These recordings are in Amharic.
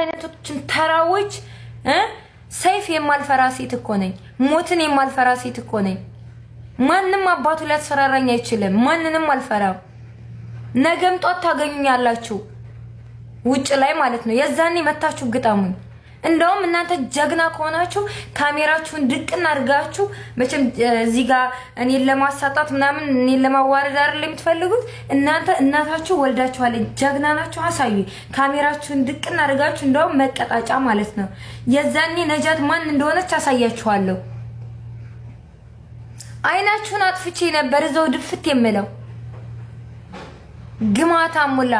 አይነቶችን ተራዎች ሰይፍ የማልፈራ ሴት እኮ ነኝ። ሞትን የማልፈራ ሴት እኮ ነኝ። ማንም አባቱ ሊያስፈራራኝ አይችልም። ማንንም አልፈራም። ነገም ጧት ታገኙኛላችሁ፣ ውጭ ላይ ማለት ነው። የዛኔ መታችሁ ግጣሙኝ። እንደውም እናንተ ጀግና ከሆናችሁ ካሜራችሁን ድቅን አድርጋችሁ መቼም እዚህ ጋር እኔን ለማሳጣት ምናምን እኔን ለማዋረድ አይደል የምትፈልጉት። እናንተ እናታችሁ ወልዳችኋል፣ ጀግና ናችሁ። አሳዩ። ካሜራችሁን ድቅን አድርጋችሁ እንደውም መቀጣጫ ማለት ነው። የዛኔ ነጃት ማን እንደሆነች አሳያችኋለሁ። አይናችሁን አጥፍቼ ነበር እዛው ድፍት የምለው ግማታ ሙላ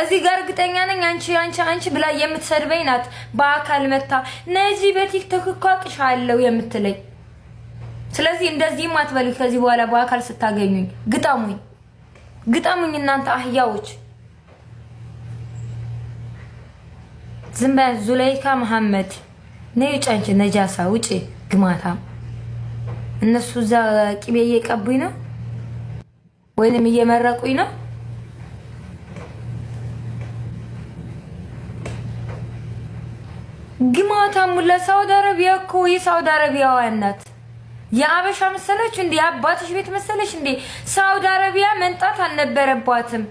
እዚህ ጋር እርግጠኛ ነኝ አንቺ አንቺ አንቺ ብላ የምትሰድበኝ ናት። በአካል መታ ነዚህ በቲክቶክ እኮ አቅሻለሁ የምትለኝ። ስለዚህ እንደዚህም አትበሉ። ከዚህ በኋላ በአካል ስታገኙኝ ግጣሙኝ፣ ግጣሙኝ እናንተ አህያዎች። ዝም በይ ዙለይካ መሐመድ ነይ ውጭ፣ አንቺ ነጃሳ ውጭ፣ ግማታም። እነሱ እዛ ቅቤ እየቀቡኝ ነው ወይንም እየመረቁኝ ነው። ተሙለ ሳውዲ አረቢያ እኮ የሳውዲ አረቢያውያን ናት። የአበሻ መሰለች እንዴ? የአባትሽ ቤት መሰለች እንዴ? ሳውዲ አረቢያ መንጣት አልነበረባትም።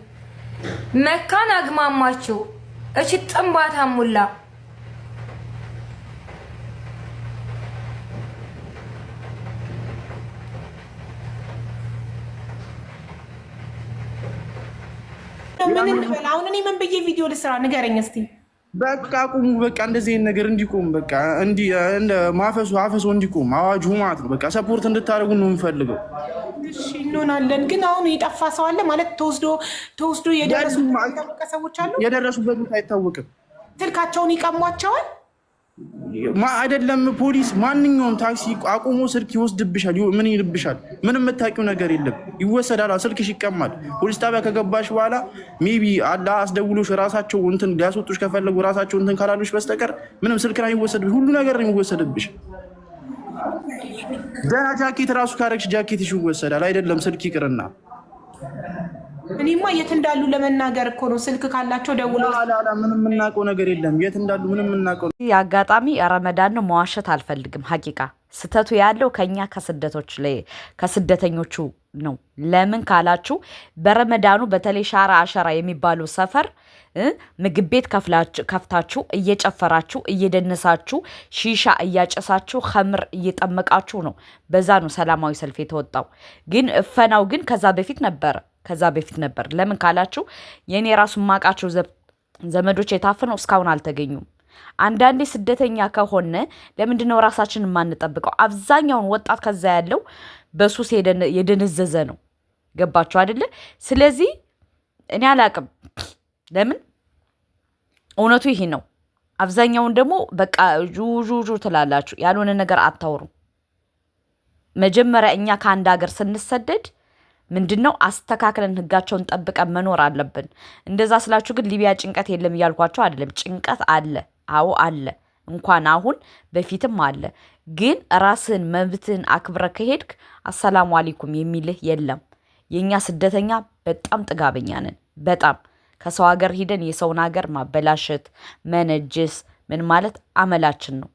መካን አግማማችው። እች ጥንባታ ሙላ ምን እንበል አሁን? እኔ ምን ብዬ ቪዲዮ ልስራ? ንገረኝ እስቲ በቃ ቁሙ። በቃ እንደዚህ አይነት ነገር እንዲቆም በቃ እንዲ እንደ ማፈሱ አፈሱ እንዲቆም አዋጁ ማለት ነው። በቃ ሰፖርት እንድታደርጉ ነው የምፈልገው። እሺ እንሆናለን። ግን አሁን የጠፋ ሰው አለ ማለት ተወስዶ ተወስዶ የደረሱበት ሰዎች አሉ። የደረሱበት አይታወቅም። ስልካቸውን ይቀሟቸዋል። አይደለም ፖሊስ ማንኛውም ታክሲ አቁሞ ስልክ ይወስድብሻል። ምን ይልብሻል? ምንም የምታውቂው ነገር የለም። ይወሰዳል፣ ስልክሽ ይቀማል። ፖሊስ ጣቢያ ከገባሽ በኋላ ቢ አላ አስደውሎሽ ራሳቸው እንትን ሊያስወጡሽ ከፈለጉ ራሳቸው እንትን ካላሉሽ በስተቀር ምንም ስልክና ይወሰድብሽ፣ ሁሉ ነገር ይወሰድብሽ። ደህና ጃኬት ራሱ ካረግሽ ጃኬትሽ ይወሰዳል። አይደለም ስልክ ይቅርና እኔማ የት እንዳሉ ለመናገር እኮ ነው። ስልክ ካላቸው ደውሎ ምንም የምናውቀው ነገር የለም። የት እንዳሉ ምንም የምናውቀው አጋጣሚ ረመዳን ነው። መዋሸት አልፈልግም። ሀቂቃ ስህተቱ ያለው ከኛ ከስደቶች ከስደተኞቹ ነው። ለምን ካላችሁ በረመዳኑ በተለይ ሻራ አሸራ የሚባሉ ሰፈር ምግብ ቤት ከፍታችሁ እየጨፈራችሁ እየደነሳችሁ ሺሻ እያጨሳችሁ ከምር እየጠመቃችሁ ነው። በዛ ነው ሰላማዊ ሰልፍ የተወጣው። ግን እፈናው ግን ከዛ በፊት ነበረ። ከዛ በፊት ነበር። ለምን ካላችሁ የእኔ ራሱ ማቃቸው ዘመዶች የታፈነው እስካሁን አልተገኙም። አንዳንዴ ስደተኛ ከሆነ ለምንድን ነው ራሳችን የማንጠብቀው? አብዛኛውን ወጣት ከዛ ያለው በሱስ የደነዘዘ ነው። ገባችሁ አይደለ? ስለዚህ እኔ አላቅም። ለምን እውነቱ ይሄ ነው። አብዛኛውን ደግሞ በቃ ጁጁጁ ትላላችሁ፣ ያልሆነ ነገር አታውሩ። መጀመሪያ እኛ ከአንድ ሀገር ስንሰደድ ምንድን ነው አስተካክለን ህጋቸውን ጠብቀን መኖር አለብን። እንደዛ ስላችሁ ግን ሊቢያ ጭንቀት የለም እያልኳቸው አይደለም። ጭንቀት አለ። አዎ አለ። እንኳን አሁን በፊትም አለ። ግን ራስህን መብትህን አክብረ ከሄድክ አሰላሙ አሊኩም የሚልህ የለም። የእኛ ስደተኛ በጣም ጥጋበኛ ነን። በጣም ከሰው ሀገር ሂደን የሰውን ሀገር ማበላሸት፣ መነጅስ ምን ማለት አመላችን ነው።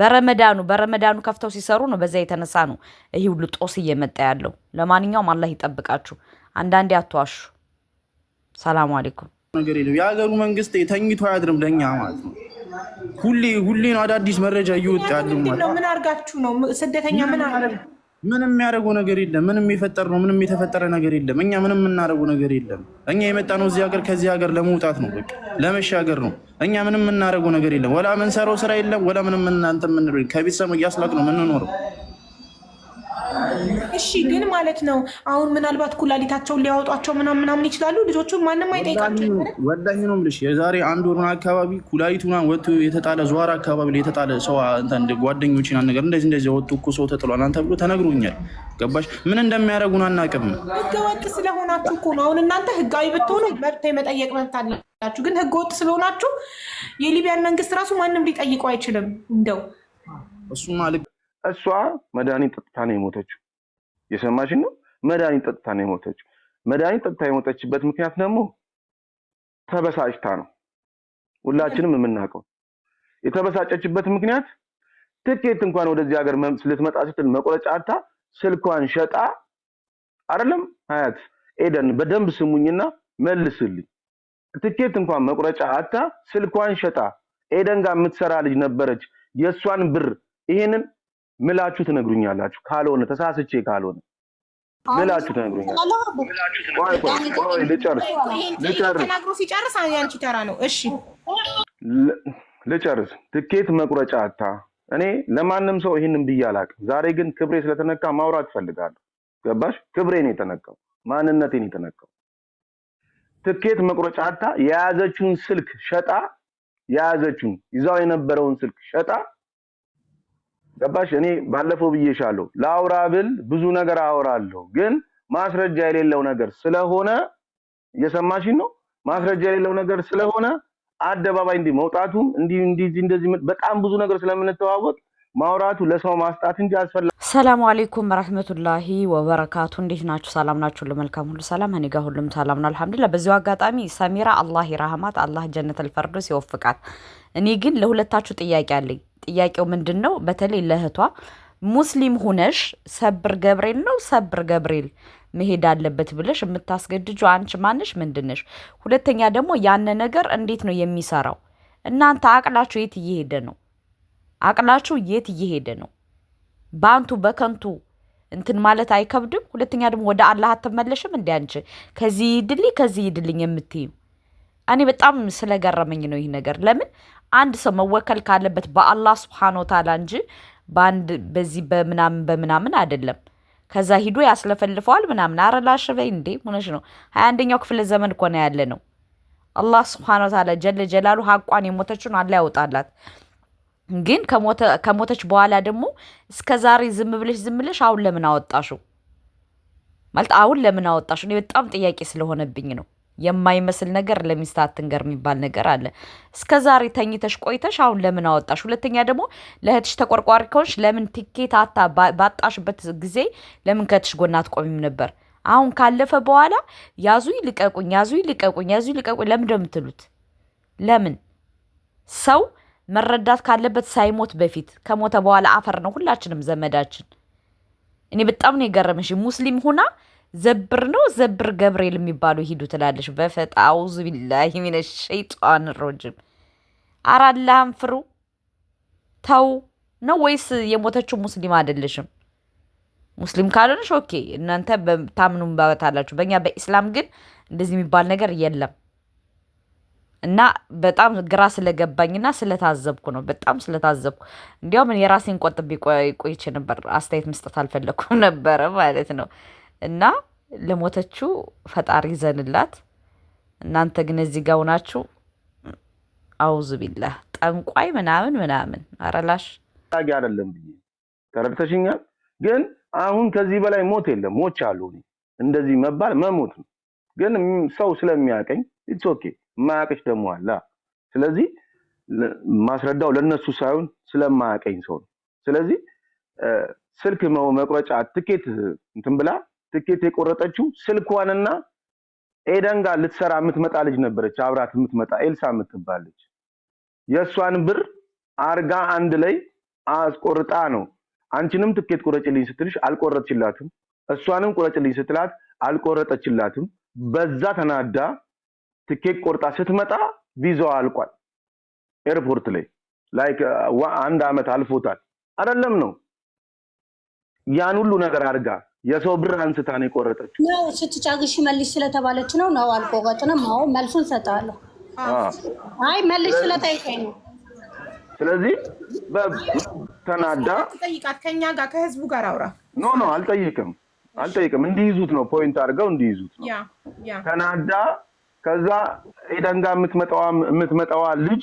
በረመዳኑ በረመዳኑ ከፍተው ሲሰሩ ነው። በዛ የተነሳ ነው ይህ ሁሉ ጦስ እየመጣ ያለው። ለማንኛውም አላህ ይጠብቃችሁ። አንዳንዴ አትዋሹ። ሰላሙ አሌይኩም። ነገር የለም የሀገሩ መንግስት ተኝቶ አያድርም ለእኛ ማለት ነው። ሁሌ ሁሌ ነው አዳዲስ መረጃ እየወጣ ያለ። ምን አርጋችሁ ነው ስደተኛ ምን ምንም የሚያደርገው ነገር የለም። ምንም የሚፈጠር ነው። ምንም የተፈጠረ ነገር የለም። እኛ ምንም የምናደርገው ነገር የለም። እኛ የመጣ ነው እዚህ ሀገር ከዚህ ሀገር ለመውጣት ነው፣ በቃ ለመሻገር ነው። እኛ ምንም የምናደርገው ነገር የለም። ወላ የምንሰራው ስራ የለም። ወላ ምንም እናንተ የምንለው ከቤተሰብ እያስላቅ ነው የምንኖረው። እሺ ግን ማለት ነው አሁን ምናልባት ኩላሊታቸውን ሊያወጧቸው ምናምን ምናምን ይችላሉ። ልጆቹ ማንም አይጠይቃቸው። ወላሂ ነው የምልሽ የዛሬ አንድ ወሩን አካባቢ ኩላሊቱን ወጥቶ የተጣለ ዘዋራ አካባቢ ላይ የተጣለ ሰው ጓደኞች ጓደኞችን ነገር እንደዚህ እንደዚህ ወጡ እኮ ሰው ተጥሏል አንተ ብሎ ተነግሮኛል። ገባሽ? ምን እንደሚያደርጉን አናውቅም። ህገወጥ ስለሆናችሁ እኮ ነው። አሁን እናንተ ህጋዊ ብትሆኑ መብት የመጠየቅ መብት አላችሁ። ግን ህገወጥ ስለሆናችሁ የሊቢያን መንግስት ራሱ ማንም ሊጠይቀው አይችልም። እንደው እሱማ ልክ እሷ መድኃኒት ጠጥታ ነው የሞተችው። የሰማሽ ነው? መድኃኒት ጠጥታ ነው የሞተችው። መድኃኒት ጠጥታ የሞተችበት ምክንያት ደግሞ ተበሳጭታ ነው። ሁላችንም የምናውቀው የተበሳጨችበት ምክንያት ትኬት እንኳን ወደዚህ ሀገር ስልትመጣ ስትል መቁረጫ አታ ስልኳን ሸጣ አይደለም። ሀያት ኤደን በደንብ ስሙኝና መልስልኝ። ትኬት እንኳን መቁረጫ አታ ስልኳን ሸጣ ኤደን ጋር የምትሰራ ልጅ ነበረች። የእሷን ብር ይሄንን ምላችሁ ትነግሩኛላችሁ። ካልሆነ ተሳስቼ ካልሆነ ምላችሁ ትነግሩኛላችሁ። ልጨርስ ልጨርስ ትኬት መቁረጫ አታ እኔ ለማንም ሰው ይህንን ብዬ አላቅ ዛሬ ግን ክብሬ ስለተነካ ማውራት እፈልጋለሁ። ገባሽ? ክብሬን የተነካው ማንነቴን የተነካው ትኬት መቁረጫ አታ የያዘችውን ስልክ ሸጣ የያዘችውን ይዛው የነበረውን ስልክ ሸጣ ገባሽ? እኔ ባለፈው ብዬሻለሁ፣ ለአውራ ብል ብዙ ነገር አወራለሁ፣ ግን ማስረጃ የሌለው ነገር ስለሆነ እየሰማሽኝ ነው። ማስረጃ የሌለው ነገር ስለሆነ አደባባይ እንዲህ መውጣቱም እንዲህ እንዲህ እንደዚህ በጣም ብዙ ነገር ስለምንተዋወቅ ማውራቱ ለሰው ማስጣት እንጂ አስፈላ ሰላሙ አሌይኩም ረህመቱላሂ ወበረካቱ። እንዴት ናችሁ? ሰላም ናችሁ? ለመልካም ሁሉ ሰላም እኔ ጋር ሁሉም ሰላም ነው አልሐምዱሊላህ። በዚሁ አጋጣሚ ሰሚራ አላህ ይራህማት፣ አላህ ጀነት አልፈርዶስ ይወፍቃት። እኔ ግን ለሁለታችሁ ጥያቄ አለኝ። ጥያቄው ምንድን ነው? በተለይ ለእህቷ ሙስሊም ሁነሽ ሰብር ገብርኤል ነው ሰብር ገብርኤል መሄድ አለበት ብለሽ የምታስገድጁ አንቺ ማንሽ ምንድንሽ? ሁለተኛ ደግሞ ያነ ነገር እንዴት ነው የሚሰራው? እናንተ አቅላችሁ የት እየሄደ ነው? አቅላችሁ የት እየሄደ ነው? በአንቱ በከንቱ እንትን ማለት አይከብድም? ሁለተኛ ደግሞ ወደ አላህ አትመለሽም? እንዲ አንቺ ከዚህ ይድልኝ ከዚህ ይድልኝ የምትይው እኔ በጣም ስለገረመኝ ነው ይህ ነገር። ለምን አንድ ሰው መወከል ካለበት በአላህ ስብሓን ወታላ እንጂ በአንድ በዚህ በምናምን በምናምን አይደለም። ከዛ ሂዶ ያስለፈልፈዋል ምናምን አረላሽበይ እንዴ ሆነሽ ነው። ሀያ አንደኛው ክፍለ ዘመን እኮ ነው ያለ ነው። አላህ ስብሓን ወታላ ጀለ ጀላሉ ሀቋን የሞተችን አላ ያወጣላት። ግን ከሞተች በኋላ ደግሞ እስከ ዛሬ ዝም ብለሽ ዝም ብለሽ አሁን ለምን አወጣሽው? ማለት አሁን ለምን አወጣሽው? እኔ በጣም ጥያቄ ስለሆነብኝ ነው። የማይመስል ነገር ለሚስት አትንገር የሚባል ነገር አለ። እስከ ዛሬ ተኝተሽ ቆይተሽ አሁን ለምን አወጣሽ? ሁለተኛ ደግሞ ለእህትሽ ተቆርቋሪ ከሆንሽ ለምን ቲኬት አታ ባጣሽበት ጊዜ ለምን ከእህትሽ ጎን አትቆሚም ነበር? አሁን ካለፈ በኋላ ያዙኝ ልቀቁኝ፣ ያዙኝ ልቀቁኝ፣ ያዙኝ ልቀቁኝ ለምን ነው ለምን ሰው መረዳት ካለበት ሳይሞት በፊት ከሞተ በኋላ አፈር ነው ሁላችንም ዘመዳችን። እኔ በጣም ነው የገረመሽ ሙስሊም ሁና ዘብር ነው ዘብር ገብርኤል የሚባሉ ሂዱ ትላለች። በፈጣ አውዙ ቢላሂ ሚነ ሸይጣን ሮጅም። ኧረ ፍሩ። ተው ነው ወይስ የሞተችው ሙስሊም አይደለሽም? ሙስሊም ካልሆነሽ ኦኬ፣ እናንተ ታምኑ ባበታላችሁ። በእኛ በኢስላም ግን እንደዚህ የሚባል ነገር የለም። እና በጣም ግራ ስለገባኝና ስለታዘብኩ ነው። በጣም ስለታዘብኩ እንዲያውም የራሴን ቆጥቤ ቆይቼ ነበር። አስተያየት መስጠት አልፈለኩም ነበረ ማለት ነው። እና ለሞተችው ፈጣሪ ዘንላት። እናንተ ግን እዚህ ጋው ናችሁ። አውዝ ቢላህ ጠንቋይ ምናምን ምናምን አረላሽ ጣጊ አይደለም ብዬ ተረድተሽኛል። ግን አሁን ከዚህ በላይ ሞት የለም። ሞች አሉ እንደዚህ መባል መሞት ነው። ግን ሰው ስለሚያቀኝ ኢትስ ኦኬ። ማያቅሽ ደግሞ አላ። ስለዚህ ማስረዳው ለነሱ ሳይሆን ስለማያቀኝ ሰው ነው። ስለዚህ ስልክ መቁረጫ ትኬት እንትን ብላ ትኬት የቆረጠችው ስልኳንና ኤደን ጋር ልትሰራ የምትመጣ ልጅ ነበረች፣ አብራት የምትመጣ ኤልሳ የምትባለች። የእሷን ብር አርጋ አንድ ላይ አስቆርጣ ነው። አንቺንም ትኬት ቁረጭልኝ ስትልሽ አልቆረጥችላትም፣ እሷንም ቁረጭልኝ ስትላት አልቆረጠችላትም። በዛ ተናዳ ትኬት ቆርጣ ስትመጣ ቪዛዋ አልቋል። ኤርፖርት ላይ ላይክ አንድ አመት አልፎታል አይደለም ነው ያን ሁሉ ነገር አድርጋ የሰው ብር አንስታ ነው የቆረጠችው። ስትጫግሽ መልሽ ስለተባለች ነው ነው አልቆረጥንም። አዎ መልሱን ሰጠዋለሁ። አይ መልሽ ስለጠይቀኝ ነው። ስለዚህ ተናዳ ጠይቃት። ከኛ ጋር ከህዝቡ ጋር አውራ። ኖ ኖ አልጠይቅም፣ አልጠይቅም። እንዲይዙት ነው ፖይንት አድርገው እንዲይዙት ነው። ተናዳ ከዛ ኤደን ጋር የምትመጣዋ ልጅ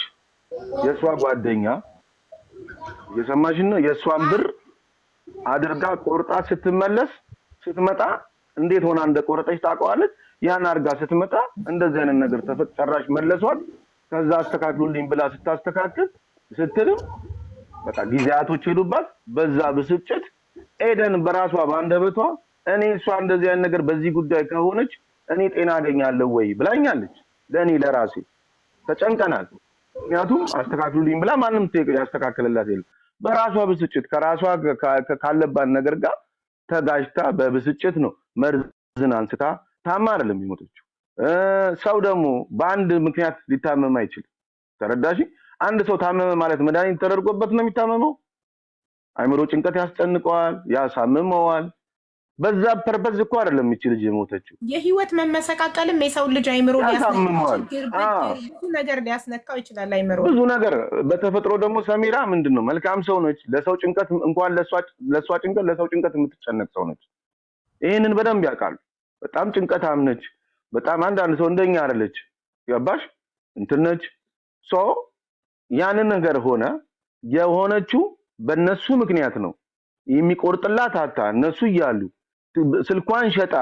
የእሷ ጓደኛ እየሰማሽን ነው። የእሷን ብር አድርጋ ቆርጣ ስትመለስ ስትመጣ እንዴት ሆና እንደቆረጠች ታውቀዋለች። ያን አድርጋ ስትመጣ እንደዚህ አይነት ነገር ተፈጠራሽ መለሷል። ከዛ አስተካክሉልኝ ብላ ስታስተካክል ስትልም በቃ ጊዜያቶች ሄዱባት። በዛ ብስጭት ኤደን በራሷ በአንደበቷ እኔ እሷ እንደዚህ አይነት ነገር በዚህ ጉዳይ ከሆነች እኔ ጤና አገኛለሁ ወይ ብላኛለች። ለእኔ ለራሴ ተጨንቀናል። ምክንያቱም አስተካክሉልኝ ብላ ማንም ያስተካክልላት የለም። በራሷ ብስጭት ከራሷ ካለባት ነገር ጋር ተጋጅታ በብስጭት ነው መርዝን አንስታ ታማ አይደለም የሞተችው። ሰው ደግሞ በአንድ ምክንያት ሊታመም አይችልም። ተረዳሽ? አንድ ሰው ታመመ ማለት መድኃኒት ተደርጎበት ነው የሚታመመው። አይምሮ ጭንቀት ያስጨንቀዋል፣ ያሳምመዋል። በዛ ፐርፐዝ እኮ አይደለም እቺ ልጅ የሞተችው። የህይወት መመሰቃቀልም የሰው ልጅ አይምሮ ነገር ሊያስነካው ይችላል። አይምሮ ብዙ ነገር በተፈጥሮ ደግሞ ሰሚራ ምንድን ነው መልካም ሰው ነች። ለሰው ጭንቀት እንኳን ለእሷ ጭንቀት ለሰው ጭንቀት የምትጨነቅ ሰው ነች። ይህንን በደንብ ያውቃሉ። በጣም ጭንቀታም ነች። በጣም አንዳንድ ሰው እንደኛ አደለች። ገባሽ እንትን ነች። ያንን ነገር ሆነ የሆነችው በእነሱ ምክንያት ነው። የሚቆርጥላት አታ እነሱ እያሉ ስልኳን ሸጣ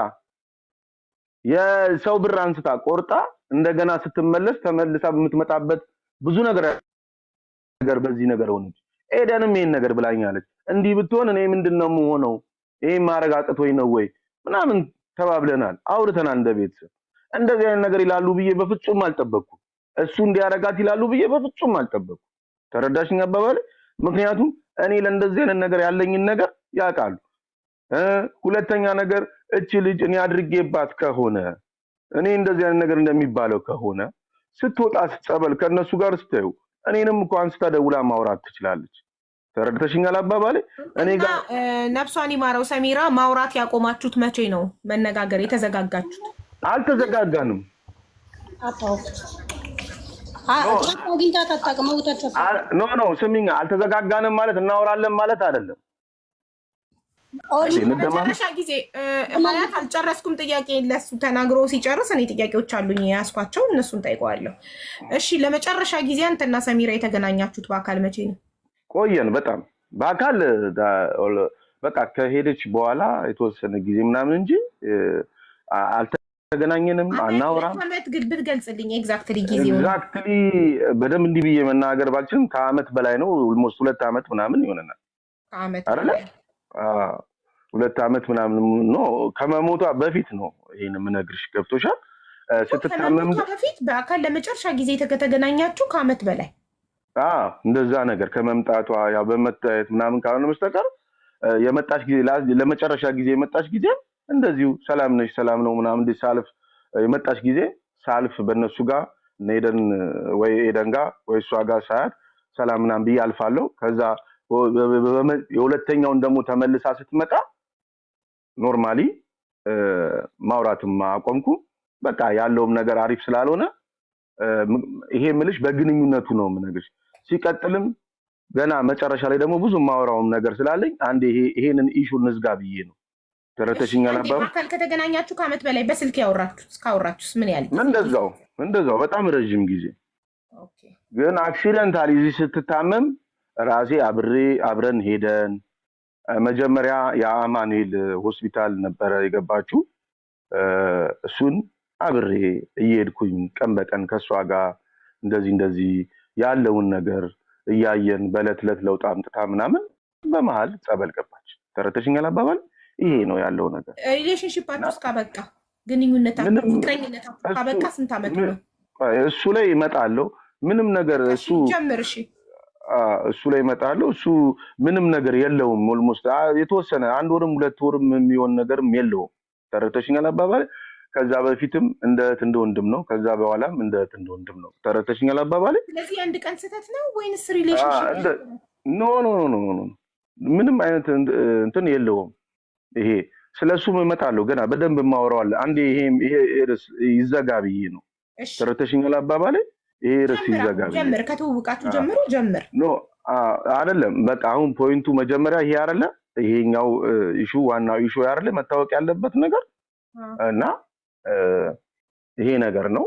የሰው ብር አንስታ ቆርጣ እንደገና ስትመለስ ተመልሳ የምትመጣበት ብዙ ነገር ነገር በዚህ ነገር ሆነች። ኤደንም ይሄን ነገር ብላኛለች። እንዲህ ብትሆን እኔ ምንድነው የምሆነው? ይሄ ማረግ አቅቶኝ ነው ወይ ምናምን ተባብለናል፣ አውርተናል። እንደ ቤተሰብ እንደዚህ አይነት ነገር ይላሉ ብዬ በፍጹም አልጠበቅኩም። እሱ እንዲያረጋት ይላሉ ብዬ በፍጹም አልጠበቅኩም። ተረዳሽኝ አባባሌ ምክንያቱም እኔ ለእንደዚህ አይነት ነገር ያለኝን ነገር ያውቃሉ። ሁለተኛ ነገር እቺ ልጅ እኔ አድርጌባት ከሆነ እኔ እንደዚህ አይነት ነገር እንደሚባለው ከሆነ ስትወጣ ስትጸበል ከእነሱ ጋር ስተዩ እኔንም እኮ አንስታ ደውላ ማውራት ትችላለች። ተረድተሽኛል አባባሌ? እኔ ጋር ነፍሷን ይማረው። ሰሚራ፣ ማውራት ያቆማችሁት መቼ ነው? መነጋገር የተዘጋጋችሁት? አልተዘጋጋንም። ኖ ኖ፣ ስሚኛ፣ አልተዘጋጋንም ማለት እናወራለን ማለት አይደለም። መጨረሻ ጊዜ ማለት አልጨረስኩም። ጥያቄ ለሱ ተናግሮ ሲጨርስ እኔ ጥያቄዎች አሉኝ የያዝኳቸው እነሱን ጠይቀዋለሁ። እሺ ለመጨረሻ ጊዜ አንተና ሰሚራ የተገናኛችሁት በአካል መቼ ነው? ቆየን በጣም በአካል በቃ ከሄደች በኋላ የተወሰነ ጊዜ ምናምን እንጂ አልተገናኘንም። አናወራም። ብትገልጽልኝ ኤግዛክትሊ ጊዜ ኤግዛክትሊ በደንብ እንዲህ ብዬ መናገር ባልችልም ከአመት በላይ ነው። ኦልሞስት ሁለት አመት ምናምን ይሆነናል። ከአመት ሁለት አመት ምናምን ኖ ከመሞቷ በፊት ነው ይሄን የምነግርሽ። ገብቶሻል? ስትታመም በፊት በአካል ለመጨረሻ ጊዜ ከተገናኛችሁ ከአመት በላይ እንደዛ ነገር ከመምጣቷ ያው በመታየት ምናምን ካልሆነ በስተቀር የመጣሽ ጊዜ ለመጨረሻ ጊዜ የመጣሽ ጊዜ እንደዚሁ ሰላም ነሽ ሰላም ነው ምናምን እንዲህ ሳልፍ የመጣሽ ጊዜ ሳልፍ በእነሱ ጋር ኤደን ወይ ኤደን ጋር ወይ እሷ ጋር ሳያት ሰላም ምናምን ብዬ አልፋለሁ። ከዛ የሁለተኛውን ደግሞ ተመልሳ ስትመጣ ኖርማሊ ማውራትም አቆምኩ። በቃ ያለውም ነገር አሪፍ ስላልሆነ ይሄ ምልሽ በግንኙነቱ ነው ምነግርሽ። ሲቀጥልም ገና መጨረሻ ላይ ደግሞ ብዙ ማወራውም ነገር ስላለኝ አንድ ይሄንን ኢሹ ንዝጋ ብዬ ነው። ተረተሽኛ ነበር ከተገናኛችሁ ከአመት በላይ በስልክ ያወራችሁት ካወራችሁስ ምን ያህል እንደዛው እንደዛው በጣም ረዥም ጊዜ ግን አክሲደንታል እዚህ ስትታመም ራሴ አብሬ አብረን ሄደን መጀመሪያ የአማኑኤል ሆስፒታል ነበረ የገባችው። እሱን አብሬ እየሄድኩኝ ቀን በቀን ከእሷ ጋር እንደዚህ እንደዚህ ያለውን ነገር እያየን በዕለት ዕለት ለውጥ አምጥታ ምናምን በመሀል ጸበል ገባች። ተረተሽኛል አባባል ይሄ ነው ያለው ነገር። ሪሌሽንሽፓችሁ እስካበቃ ግንኙነታችሁ ፍቅረኝነታችሁ ካበቃ ስንት ዓመት ነው? እሱ ላይ እመጣለሁ። ምንም ነገር እሱ ጀምር። እሺ እሱ ላይ እመጣለሁ። እሱ ምንም ነገር የለውም። ኦልሞስት የተወሰነ አንድ ወርም ሁለት ወርም የሚሆን ነገርም የለውም። ተረተሽኛል አባባል ከዛ በፊትም እንደ እህት እንደ ወንድም ነው። ከዛ በኋላም እንደ እህት እንደ ወንድም ነው። ተረተሽኛል አባባል። ስለዚህ አንድ ቀን ስህተት ነው ወይንስ ሪሌሽንሽፕ? ኖ ኖ ኖ ኖ ምንም አይነት እንትን የለውም። ይሄ ስለ እሱም እመጣለሁ ገና በደንብ የማወራዋለሁ። አንዴ ይሄ ይሄ ይዘጋ ብዬ ነው። ተረተሽኛል አባባል ይሄ ርዕስ ይዘጋል። ጀምር ጀምሮ ጀምር። ኖ አይደለም፣ በቃ አሁን ፖይንቱ መጀመሪያ ይሄ አይደለ? ይሄኛው ኢሹ ዋናው ኢሹ አይደለ? መታወቅ ያለበት ነገር እና ይሄ ነገር ነው።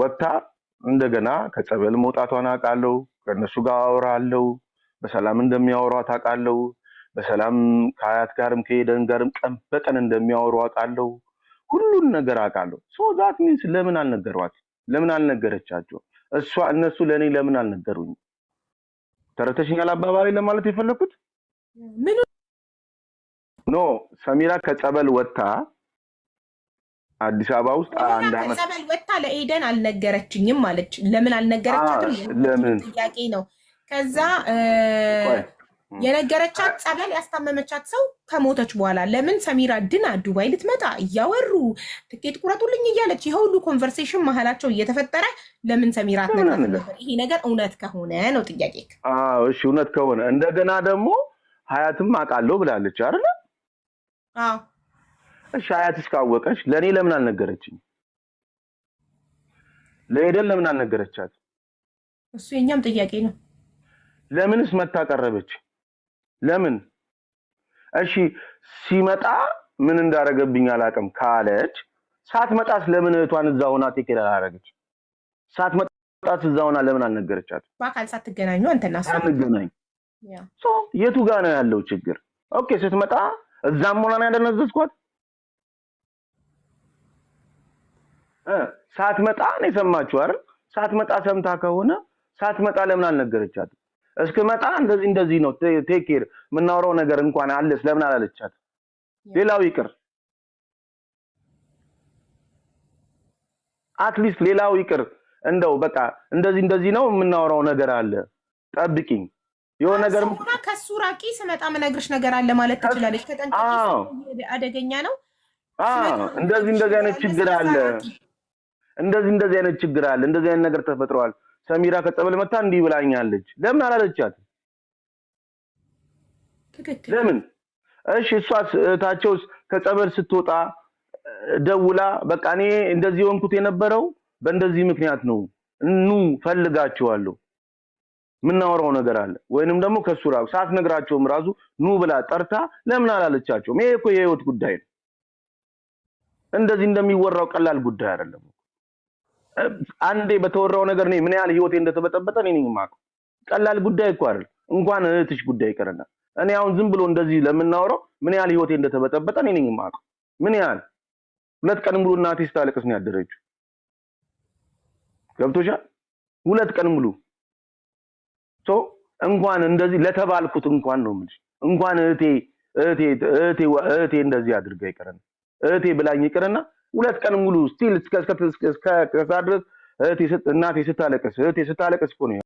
ወጥታ እንደገና ከጸበል መውጣቷን አውቃለሁ። ከእነሱ ጋር አወራለሁ። በሰላም እንደሚያወሯት አውቃለሁ። በሰላም ከአያት ጋርም ከሄደን ጋርም ቀን በቀን እንደሚያወሩ አውቃለሁ። ሁሉን ነገር አውቃለሁ። ሶ ዛት ሚንስ ለምን አልነገሯት? ለምን አልነገረቻቸው? እሷ እነሱ ለእኔ ለምን አልነገሩኝ? ተረተሽኛል አባባሪ ለማለት የፈለኩት ኖ ሰሚራ ከጸበል ወጥታ አዲስ አበባ ውስጥ አንድ አመት ከጸበል ወጥታ ለኤደን አልነገረችኝም አለች። ለምን አልነገረቻትም? ለምን ጥያቄ ነው። ከዛ የነገረቻት ጸበል ያስታመመቻት ሰው ከሞተች በኋላ ለምን ሰሚራ ድና ዱባይ ልትመጣ እያወሩ ትኬት ቁረጡልኝ እያለች ይህ ሁሉ ኮንቨርሴሽን መሀላቸው እየተፈጠረ ለምን ሰሚራ ይሄ ነገር እውነት ከሆነ ነው ጥያቄ። እሺ እውነት ከሆነ እንደገና ደግሞ ሀያትም አውቃለሁ ብላለች አይደለ? እሺ ሀያትሽ ካወቀች ለእኔ ለምን አልነገረችኝ? ለሄደን ለምን አልነገረቻት? እሱ የኛም ጥያቄ ነው። ለምንስ መታ ቀረበች? ለምን እሺ ሲመጣ ምን እንዳረገብኝ አላቅም ካለች ሳትመጣስ ለምን እህቷን እዛ ሆና ቴክል አላረገች? ሳትመጣስ እዛ ሆና ለምን አልነገረቻት? በአካል ሳትገናኙ አንተና ሳትገናኙ የቱ ጋር ነው ያለው ችግር? ኦኬ ስትመጣ እዛም ሆና ነው ያደነዘዝኳት። ሳትመጣ ነው የሰማችሁ አይደል? ሳትመጣ ሰምታ ከሆነ ሳትመጣ ለምን አልነገረቻትም? እስክመጣ እንደዚህ እንደዚህ ነው ቴክ ኬር የምናወራው ነገር እንኳን አለስ ለምን አላለቻት? ሌላው ይቅር አትሊስት ሌላው ይቅር እንደው በቃ እንደዚህ እንደዚህ ነው የምናወራው ነገር አለ፣ ጠብቂኝ የሆነ ነገር ከሱ ራቂ፣ ስመጣ መነግርሽ ነገር አለ ማለት ትችላለች። ተጠንቀቂ፣ አደገኛ ነው። እንደዚህ እንደዚህ አይነት ችግር አለ፣ እንደዚህ እንደዚህ አይነት ችግር አለ፣ እንደዚህ አይነት ነገር ተፈጥሯል። ሰሚራ ከጸበል መታ እንዲህ ብላኛለች። ለምን አላለቻት? ለምን? እሺ እሷስ እህታቸውስ ከጸበል ስትወጣ ደውላ በቃ እኔ እንደዚህ ወንኩት የነበረው በእንደዚህ ምክንያት ነው፣ ኑ ፈልጋችኋለሁ፣ የምናወራው ነገር አለ። ወይንም ደግሞ ከሱ ራሱ ሳትነግራቸውም ራሱ ኑ ብላ ጠርታ ለምን አላለቻቸውም? ይሄ እኮ የህይወት ጉዳይ ነው። እንደዚህ እንደሚወራው ቀላል ጉዳይ አይደለም። አንዴ በተወራው ነገር እኔ ምን ያህል ህይወቴ እንደተበጠበጠ እኔ ነኝ የማውቀው። ቀላል ጉዳይ እኮ አይደል፣ እንኳን እህትሽ ጉዳይ ይቀርና እኔ አሁን ዝም ብሎ እንደዚህ ለምናወራው ምን ያህል ህይወቴ እንደተበጠበጠ እኔ ነኝ የማውቀው። ምን ያህል ሁለት ቀን ሙሉ እናቴ ስታለቅስ ነው ያደረችው። ገብቶሻል? ሁለት ቀን ሙሉ ሶ እንኳን እንደዚህ ለተባልኩት እንኳን ነው የምልሽ እንኳን እህቴ እህቴ እህቴ እንደዚህ አድርጋ ይቀርና እህቴ ብላኝ ይቀርና ሁለት ቀን ሙሉ ስቲል እስከ ድረስ እህቴ እናቴ ስታለቅስ እህቴ ስታለቅስ እኮ ነው